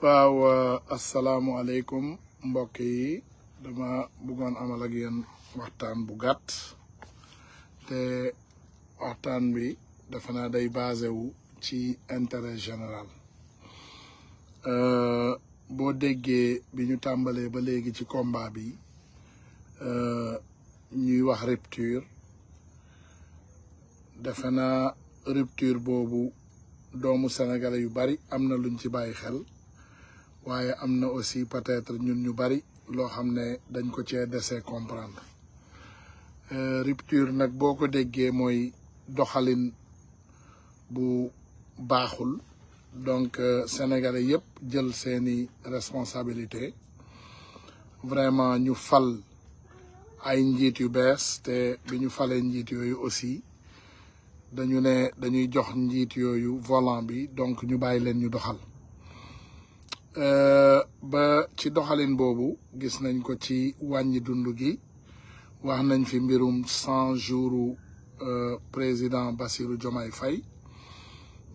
bawa assalamu aleykum mbokk yi dama bëggoon amal ak yéen waxtaan bu gàtt te waxtaan bi dafa naa day basé wu ci intérêt général euh, boo déggee bi ñu tàmbalee ba léegi ci combat bi euh, ñuy wax rupture dafa naa rupture boobu doomu sénégalais yu bari am na luñ ci bàyyi xel waaye am na aussi peut-être ñun ñu bari loo xam ne dañ ko cee dese comprendre euh, rupture nag boo ko déggee mooy doxalin bu baaxul donc euh, sénégalais yëpp jël seeni responsabilité vraiment ñu fal ay njiit yu bees te bi ñu falee njiit yooyu aussi dañu ne dañuy jox njiit yooyu volant bi donc ñu bàyyi leen ñu doxal ba ci doxalin boobu gis nañ ko ci wàññi dund gi wax nañ fi mbirum cent jours euh, président Bassirou Diomaye fay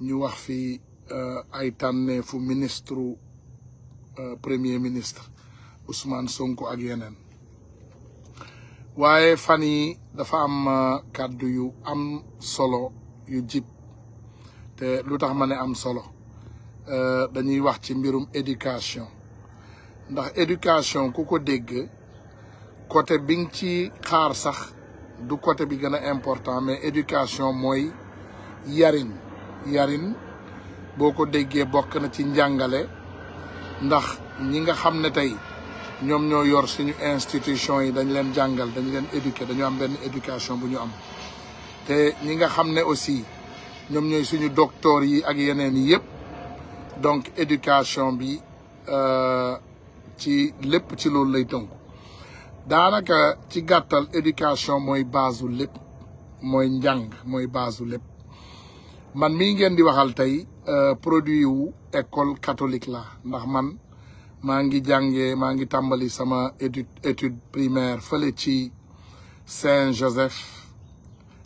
ñu wax fi euh, ay fu ministre euh, premier ministre Ousmane Sonko ak yeneen waaye fan yi dafa am kàddu yu am solo yu jib te lu tax ma ne am solo Euh, dañuy wax ci mbirum éducation ndax éducation ku ko dégg côté bi ci xaar sax du côté bi gën a important mais éducation mooy yarin yarin boo ko déggee bokk na ci njàngale ndax ñi nga xam ne tey ñoom ñoo yor suñu institution yi dañ leen jàngal dañu leen éduquer dañu am benn éducation bu ñu am te ñi nga xam ne aussi ñoom ñooy suñu docteur yi ak yeneen yi yëpp donc éducation bi euh, ci lepp ci loolu lay tënku danaka ci gàttal éducation moy baasu lepp moy njang moy baasu lepp man mi ngeen di waxal tey euh, produit wu école catholique la ndax man ma ngi jangé ma ngi tambali sama étude étude primaire fele ci Saint-Joseph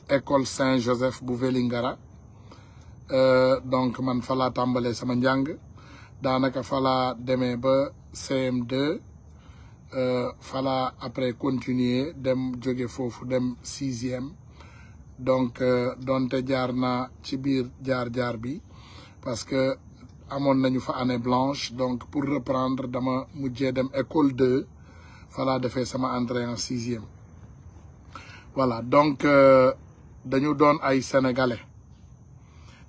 école Saint-Joseph Bouvelingara. Euh, donc man fa laa tàmbalee sama njang danaka fa laa ba CM2 euh, fa laa après continuer dem jóge fofu dem sixième donc euh, donte jaar naa ci bir jar jar bi parce que amoon nañu fa année blanche donc pour reprendre dama mujjé dem école 2 fa laa defee sama entrée en sixième voilà donc dañu don ay sénégalais.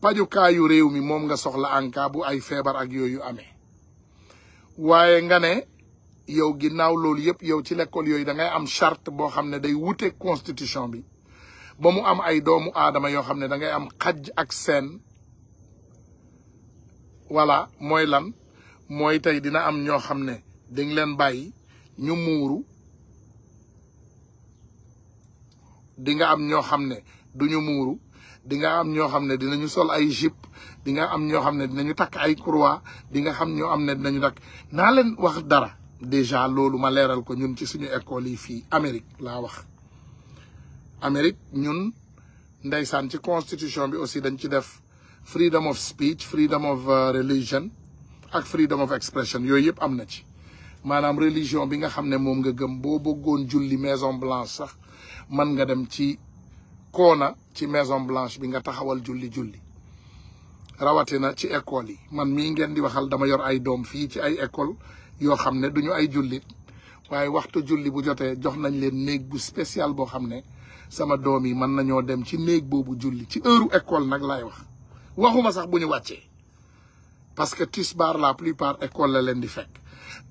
pajukaayu réew mi moom nga soxla anka bu ay feebar ak yooyu amee waaye nga ne yow ginnaaw loolu yëpp yow ci l'école yooyu da ngay am chart boo xam ne day wute constitution bi ba mu am ay doomu aadama yoo xam ne da ngay am xaj ak seen voilà mooy lan mooy tey dina am ñoo xam ne dañ leen bàyyi ñu muuru dinga am ñoo xam ne duñu muuru di nga am ñoo xam ne dinañu sol ay jupe di nga am ñoo xam ne dinañu takk ay croix di nga xam ñoo am ne dinañu takk naa leen wax dara déjà loolu ma leeral ko ñun ci suñu école yi fii Amérique laa wax Amérique ñun ndeysaan ci constitution bi aussi dañ ci def freedom of speech freedom of euh, religion ak freedom of expression yooyu yëpp am na ci maanaam religion bi nga xam ne moom nga gëm boo bëggoon julli Maison Blanche sax man nga dem ci koona ci maison blanche bi nga taxawal julli-julli rawatina ci école yi man mi ngeen di waxal dama yor ay doom fi ci ay école yoo xam ne du ñu ay jullit waaye waxtu julli bu jotee jox nañ leen néeg bu spécial boo xam ne sama doom yi mën nañoo dem ci néeg boobu julli ci heure école nag laay wax waxuma sax bu ñu wàccee parce que bar la plupart école la leen di fekk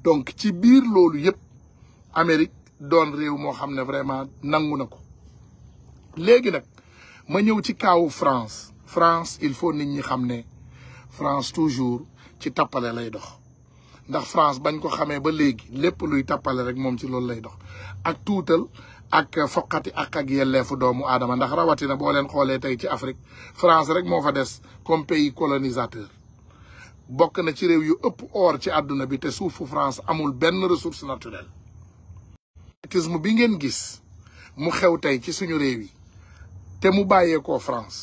donc ci biir loolu yëpp Amérique doon réew moo xam ne vraiment nangu na ko léegi nag ma ñëw ci kaawu France France il faut nit ñi xam ne France toujours ci tappale lay dox ndax France bañ ko xamee ba léegi lépp luy tappale rek moom ci loolu lay dox ak tuutal ak foqati ak ak yelleefu doomu aadama ndax rawatina boo leen xoolee tey ci Afrique France rek moo fa des comme pays colonisateur bokk na ci réew yu ëpp oor ci àdduna bi te suufu France amul benn ressource naturelle. Patriotisme bi ngeen gis mu xew tey ci suñu réew yi te mu bàyyeekoo France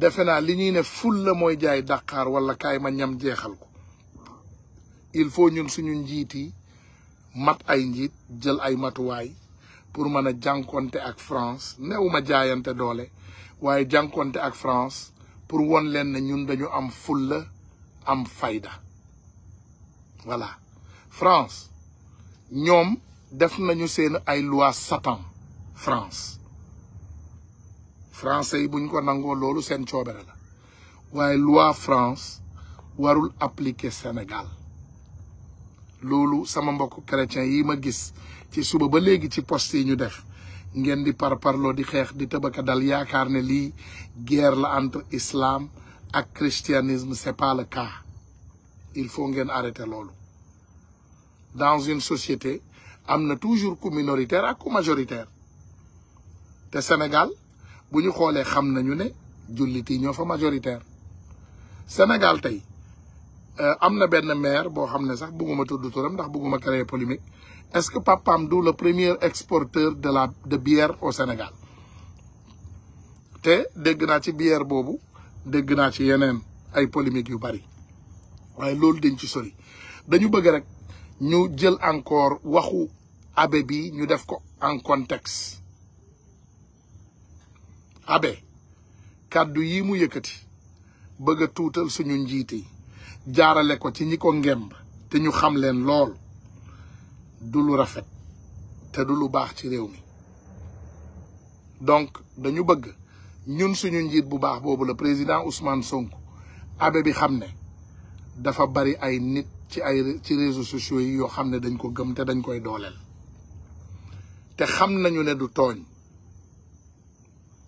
defe naa li ñuy ne ful la mooy jaay Dakar wala kaay ma ñam jeexal ko il faut ñun suñu njiit yi mat ay njiit jël ay matuwaay pour mën a jànkonte ak France neew ma jaayante doole waaye jànkonte ak France pour won leen ne ñun dañu am fulla am fayda voilà France ñoom def nañu seen ay loi satan France français buñ ko nango lolu sen coobere la loi France warul appliquer Sénégal lolu sama mbokk chrétien yi ma gis ci suba ba légui ci poste yi ñu def ngén di parlo di xex di tëbaka dal yaakar né li guerre la entre islam ak christianisme c'est pas le cas il faut ngén arrêter lolu dans une société amna toujours ku minoritaire ak ku majoritaire te Sénégal bu ñu xoolee xam nañu ne jullit yi ñoo fa majoritaire Sénégal tey euh, am na benn maire boo xam ne sax bëgguma tudd turam ndax bëgguma créer polémique est-ce que papaam du le premier exporteur de la de bière au Sénégal te dégg naa ci bière boobu dégg naa ci yeneen ay polémique yu bari waaye loolu dañ ci sori dañu bëgg rek ñu jël encore waxu abe bi ñu def ko en contexte abe kàddu yi mu yëkkati bëgg a tuutal suñu njiit yi jaarale ko ci ñi ko ngemb te ñu xam leen lool du lu rafet te du lu baax ci réew mi donc dañu bëgg ñun suñu njiit bu baax boobu la président Ousmane Sonko abe bi xam ne dafa bari ay nit ci ay ci réseaux sociaux yi yoo xam ne dañ ko gëm te dañ koy dooleel te xam nañu ne du tooñ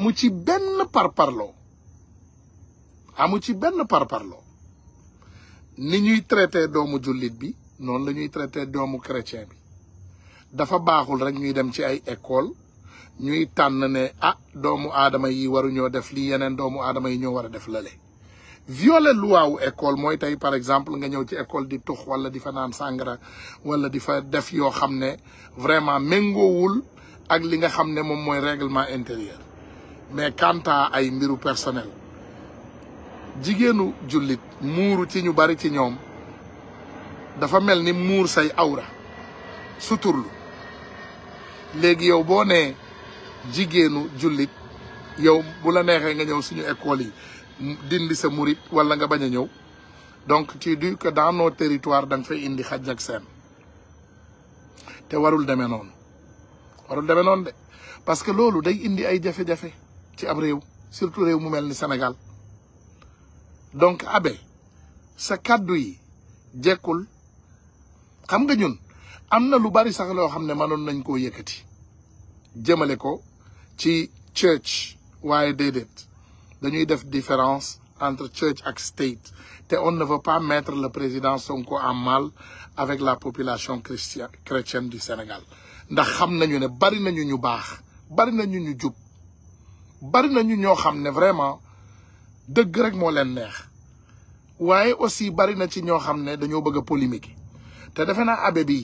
amu ci benn parparloo amu ci benn parparloo ni ñuy traité doomu jullit bi noonu la ñuy traité doomu chrétien bi dafa baaxul rek ñuy dem ci ay école ñuy tànn ne ah doomu aadama yi waruñoo def li yeneen doomu aadama yi ñoo war a def lale lu luwaawu école mooy tey par exemple nga ñëw ci école di tux wala di fa naan sàngara wala di fa def yoo xam ne vraiment méngoowul ak li nga xam ne moom mooy règlement intérieur mais quant à ay mbiru personnel jigenu julit muru ci ñu bari ci ñom dafa melni ni say awra suturlu Legiobone, yow bo nee jigenu julit yow bu la neexee nga ñew suñu école yi dindi sa mourid wala nga baña ñew donc tu dis que dans nos territoires fay indi xaj ak sen te warul demee non warul demee non de parce que lolu day indi ay jafe-jafe ci surtout réew mu melni Sénégal donc abe sa kàddu yi jekkul xam nga ñun amna lu bari sax lo xam ne nañ ko yëkëti jëmale ko ci church waaye déedéet dañuy def différence entre church ak state te on ne veut pas mettre le président Sonko en mal avec la population chrétienne du Sénégal ndax xam nañu ne bari nañu ñu bax bari nañu ñu jub bari na ñu ñoo xam ne vraiment dëgg rek moo leen neex waaye aussi bari na ci ñoo xam ne dañoo bëgg a polémique te defe naa abe bi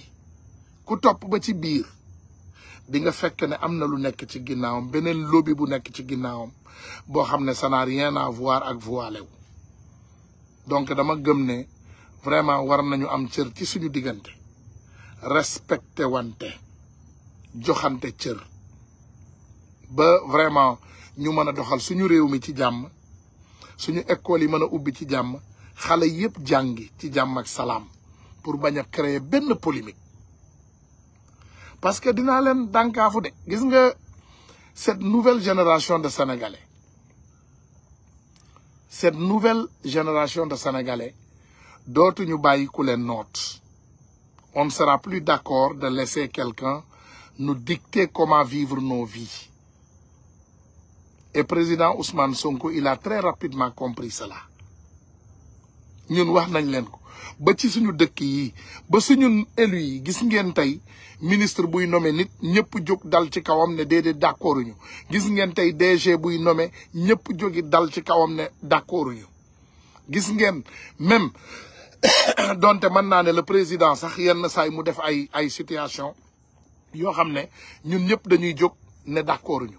ku topp ba ci biir di nga fekk ne am na lu nekk ci ginnaawam beneen lobby bu nekk ci ginnaawam boo xam ne sanaar n'a rien à voir ak voilé donc dama gëm ne vraiment war nañu am cër ci suñu diggante respecté wante joxante cër ba vraiment ñu mëna doxal suñu réew mi ci jamm suñu école yi mëna ubbi ci jamm xalé yépp ci ak salam pour baña créer ben polémique parce que dinaa leen dànkaafu de gis nga cette nouvelle génération de sénégalais cette nouvelle génération de sénégalais ñu nous ku leen note on ne sera plus d'accord de laisser quelqu'un nous dicter comment vivre nos vies et président Ousmane Sonko il a très rapidement compris cela ñun wax nañ leen ko ba ci suñu dëkk yi ba suñu élu yi gis ngeen tey ministre buy nommé nit ñëpp jóg dal ci kawam ne déedéet d'accord ñu gis ngeen tey DG buy nommé ñëpp jógi dal ci kawam ñu gis même donte mën naa le président sax yenn saay mu def ay ay situation yoo xam ñun ñëpp dañuy ne d'accord ñu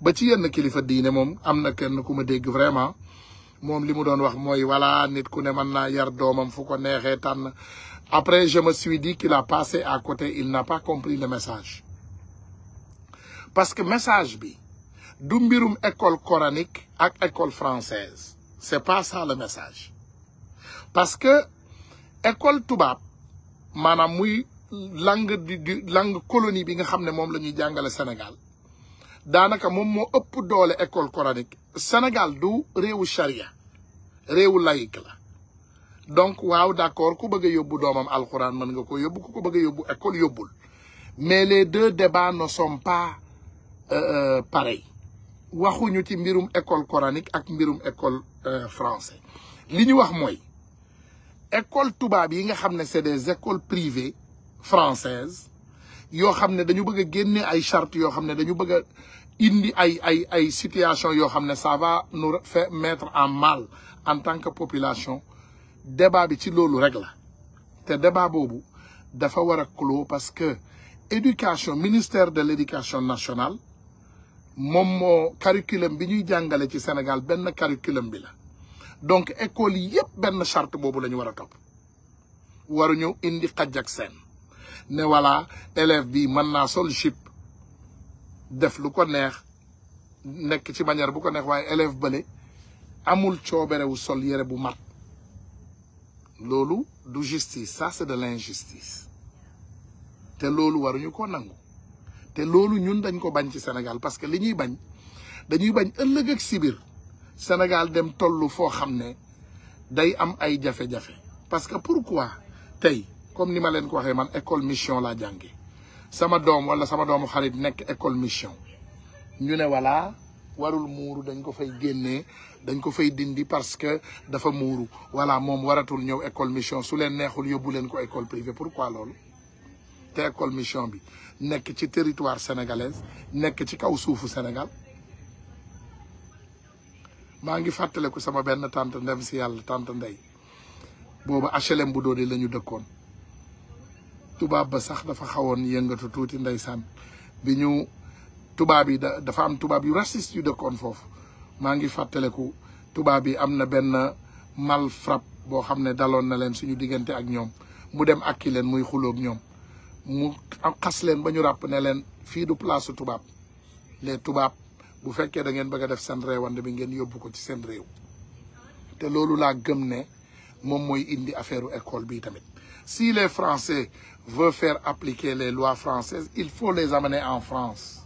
ba ci yenn kilifa diine moom am na kenn ku ma dégg vraiment moom li mu doon wax mooy voilà nit ku ne mën naa yar doomam fu ko neexee après je me suis dit qu'il a passé à côté il n'a pas compris le message parce que message bi du mbirum école coranique ak école française c'est pas ça le message parce que école Toubab, maanaam muy langue du langue colonie bi nga xam ne moom la ñuy jàngale Sénégal danaka mom mo upp doole école coranique Sénégal du réewu charia laïque donc waaw d'accord ku bëgg yobbu domam man nga ko ku ko bëgg école yobul. mais les deux débats ne sont pas euh, euh, pareils waxuñu ci mbirum école coranique ak mbirum école euh, français école nga c'est des écoles privées françaises yo y dañu bëgg a ay charte indi situation va nous faire mettre en mal en tant que population débat bi ci rek débat dafa parce que éducation ministère de l'éducation nationale mom curriculum bi ñuy ci Sénégal curriculum bi donc école ben charte indi ne voilà élève bi man na sol chip def lu ko neex ci manière bu ko neex élève amul sol bu mat du justice ça c'est de l'injustice te waruñu ko nangu te ñun dañ ko bañ ci Sénégal parce que li bañ dañuy bañ ak sibir Sénégal dem tollu hamne, xamné day am ay jafe parce que pourquoi comme ni ma leen ko waxee man école mission laa jàngee sama doom wala sama doomu xarit nekk école mission ñu ne voilà warul muuru dañ ko fay génnee dañ ko fay dindi parce que dafa muuru voilà moom waratul ñëw école mission su leen neexul yóbbu leen ko école pour pourquoi loolu te école mission bi nekk ci territoire sénégalaise nekk ci kaw suufu Sénégal maa ngi fàttaliku sama benn tante ndem si yàlla tante ndey boobu HLM bu doodee la ñu dëkkoon tubaab ba sax dafa xawoon yëngatu tuuti ndeysaan bi ñu tubaab yi da dafa am tubaab yu raciste yu dëkkoon foofu maa ngi fàttaleku tubaab yi am na benn mal frappe boo xam ne daloon na leen suñu diggante ak ñoom mu dem akki leen muy xuloog ñoom mu xas leen ba ñu ràpp ne leen fii du place tubaab les tubaab bu fekkee da ngeen bëgg a def seen réewande bi ngeen yóbbu ko ci seen réew te loolu laa gëm ne moom mooy indi affaire ecole bi tamit Si les Français veulent faire appliquer les lois françaises, il faut les amener en France.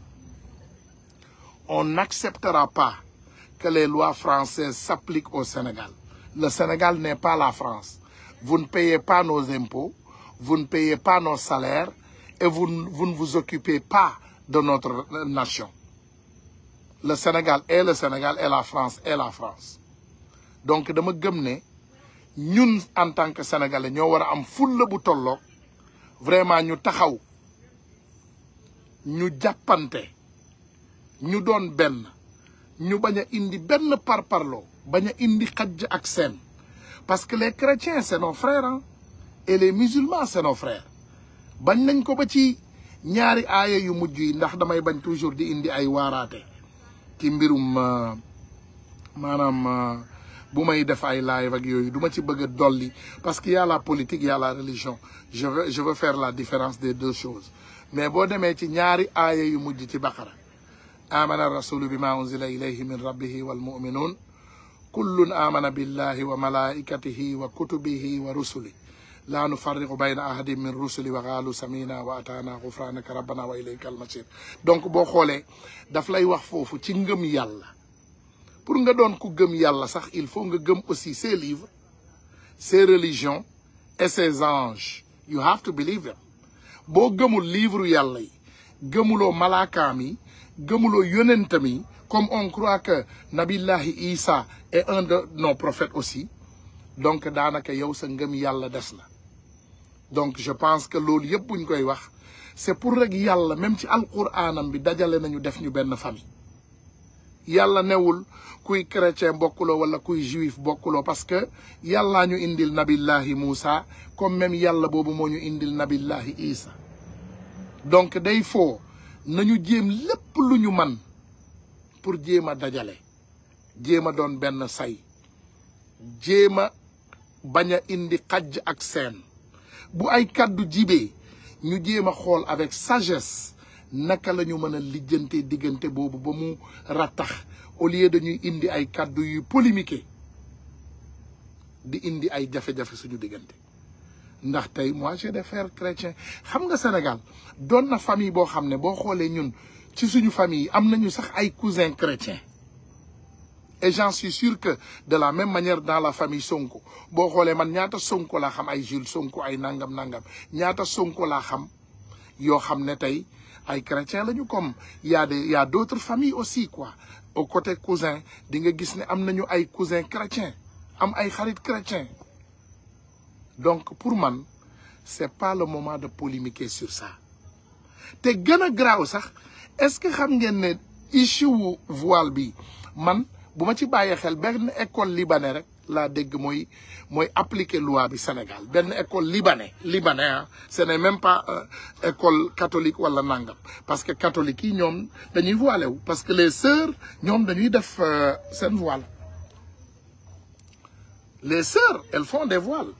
On n'acceptera pas que les lois françaises s'appliquent au Sénégal. Le Sénégal n'est pas la France. Vous ne payez pas nos impôts, vous ne payez pas nos salaires et vous, ne vous occupez pas de notre nation. Le Sénégal est le Sénégal et la France est la France. Donc, de me gommer, ñun en tant que sénégalais ñoo war a am fulla bu tolloo vraiment ñu taxaw ñu jàppante ñu doon benn ñu bañ a indi benn par parparloo bañ a indi xajj ak seen parce que les chrétiens c'est nos et les musulmans c'est nos frères bañ nañ ko ba ci ñaari aaya yu mujj yi ndax damay bañ toujours di indi ay waaraate ci mbirum euh, maanaam euh, bu may def ay live ak yooyu du ci parce qu'il y a la politique il y a la religion je veux je veux faire la différence des deux choses mais boo demee ci ñaari aaya yu mujj ci baqara amana rasulu bima unzila ilayhi min rabbihi wal mu'minun kullun amana billahi wa malaikatihi wa kutubihi wa rusuli La nufarriqu bayna ahadin min rusuli wa qaalu samina wa atana gufranaka rabbana wa ilayka almasir donc boo xoolee daf lay wax foofu ci ngëm pour nga don ku gëm yalla sax il faut nga gëm aussi ses livres ses religions et ses anges you have to believe them bo gëmul livre yalla yi gëmulo malaakaam gëmulo gëmuloo comme on croit que nabillahi isa est un de nos prophètes aussi donc danaka yow sa ngëm yalla des donc je pense que lool yëpp buñ koy wax c'est pour rek yalla même ci alquraanam bi dajale nañu def ñu ben famille yàlla newul kuy chrétien bokkuloo wala kuy juif bokkuloo parce que yàllaa ñu indil nabillahi Moussa comme même yàlla boobu moo ñu indil nabillahi Isa donc day foo nañu jéem lépp lu ñu man pour jéem a dajale jéem a doon benn say jéem a bañ a indi xajj ak seen bu ay kàddu jibee ñu jéem a xool avec sagesse naka la ñu mën a lijjante boobu ba mu ratax au lieu indi ay cadeau yu polémique di indi ay jafé jafé suñu digënté ndax tay moi j'ai des frères chrétiens xam nga Sénégal doon na famille bo xamné bo xolé ñun ci suñu famille am nañu sax ay cousins chrétiens et j'en suis sûr que de la même manière dans la famille Sonko bo xolé man ñaata Sonko la xam ay Jules Sonko ay nangam nangam ñaata Sonko la xam yoo xam ne ay chrétiens lañu comme y a y a d'autres familles aussi quoi au côté cousin di nga gis ne am ay cousins chrétiens am ay xarit chrétiens donc pour moi, ce n'est pas le moment de polémiquer sur ça Et le plus graaw sax est-ce que xam ngeen ne issue wu voile je man bu ma ci bàyyee xel une école libanais la dég moy moy appliquer loi bi Sénégal ben école libanais libanais hein, ce n'est même pas euh, école catholique wala nangam parce que catholique yi ñoom dañuy voilé voile parce que les sœurs ñom dañuy def euh, sen voile les sœurs elles font des voiles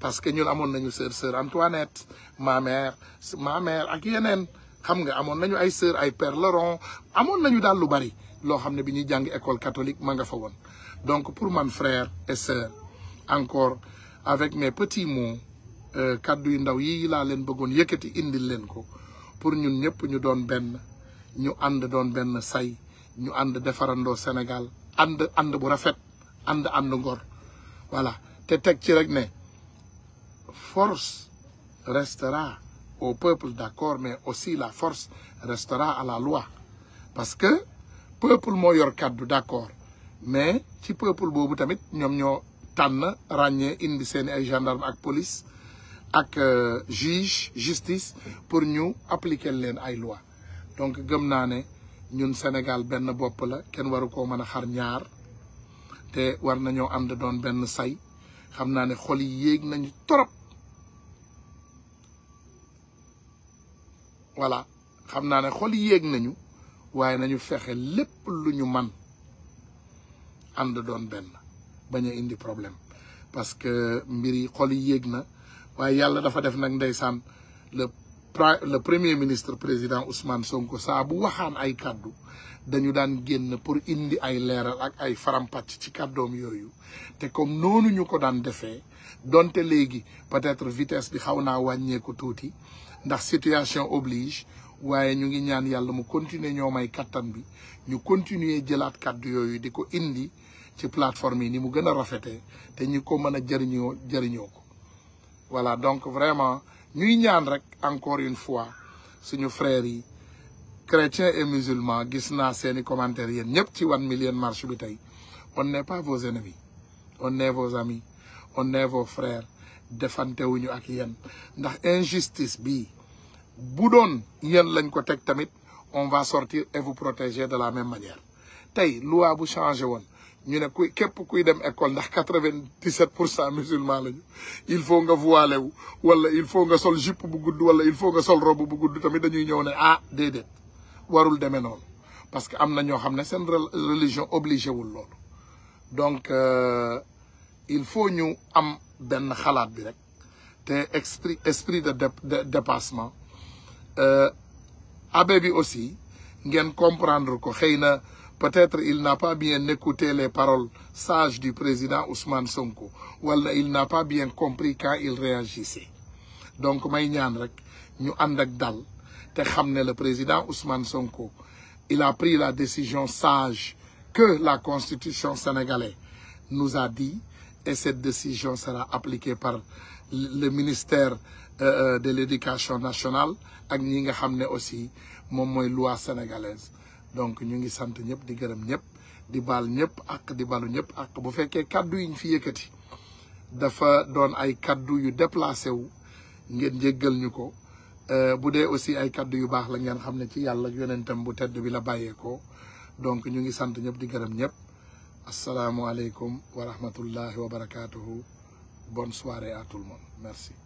parce que ñun avons nañu sœur sœur Antoinette ma mère ma mère ak yenen xam nga amoon nañu ay sœur ay père Laurent amoon nañu daal lu bari lo xamné ne jàng école catholique ma nga fa donc pour mon frère et sœur encore avec mes petits mots euh, kaddu Indaw, ndaw yi laa leen bëggoon yëkkati indil leen ko pour ñun ñëpp ñu nous benn ñu ande nous benn say ñu ànd au Sénégal nous ande bu rafet ande au ngor voilà te tek ci rek force restera au peuple d'accord mais aussi la force restera à la loi parce que peuple mo yor kaddu d'accord mais ci peuple boobu tamit ñoom ñoo tànn ràññee indi seeni ay gendarme ak police ak euh, juge justice pour ñu appliquer leen ay loi donc gëm naa ne ñun Sénégal benn bopp la kenn waru koo mën a xar ñaar te war nañoo ànd doon benn say xam naa ne xol yéeg nañu torop voilà xam naa ne xol yéeg nañu waaye nañu fexe lépp lu ñu man and don Ben baña indi problème parce que mbiri xol yi yéeg na waaye dafa def nak ndaysan le le premier ministre président Ousmane Sonko sa bu waxan ay cadeau dañu daan genn pour indi ay leeral ak ay farampàcc ci cadeau yoyu té comme nonu ñu ko daan défé donte légui peut-être vitesse bi xawna wañé ko touti ndax situation oblige waye ñu ngi ñaan yalla mu continuer ñomay katan bi ñu continuer jëlat cadeau yoyu diko indi ci plateforme ni mu gëna rafété té ñi ko mëna a jëriñoo voilà donc vraiment ñuy ñaan rek encore une fois suñu frères chrétiens et musulmans gis na seeni commentaires yeen ñëpp ci 1 Million marche bi tay on n'est pas vos ennemis on est vos amis on est vos frères wuñu ak yeen ndax injustice bi bu doon yeen lañ ko tek tamit on va sortir et vous protéger de la même manière la loi bu changé ñu ne kuy képp kuy dem école ndax quatre-vingt-dix-sept pour cent musulman lañu il faut nga voilé wu wala il faut nga sol jupe bu gudd wala il faut nga sol robe bu gudd tamit dañuy ñëw ne ah déedéet warul demee noonu parce que am na ñoo xam ne seen religion obligé wul loolu donc euh, il faut ñu am benn xalaat bi rek te esprit esprit de dépassement euh, abbé bi aussi ngeen comprendre ko xëy na Peut-être il n'a pas bien écouté les paroles sages du président Ousmane Sonko. Ou il n'a pas bien compris quand il réagissait. Donc, may ñaan rek le président Ousmane Sonko il a pris la décision sage que la constitution sénégalaise nous a dit et cette décision sera appliquée par le ministère euh, euh, de l'éducation nationale et nous avons aussi la loi sénégalaise donc ñu ngi sante ñep di gërëm ñep di bal ñep ak di balu ñep ak bu fekkee kaddu yiñ fi yëkëti dafa doon ay kaddu yu déplacé wu ngeen jéggal ñuko euh bu dee aussi ay kaddu yu baax la ngeen xamné ci Yalla ak yonentam bu tedd bi la ko donc ñu ngi sante ñep di gërëm assalamu alaykum wa rahmatullahi wa barakatuh bonne soirée à tout le monde merci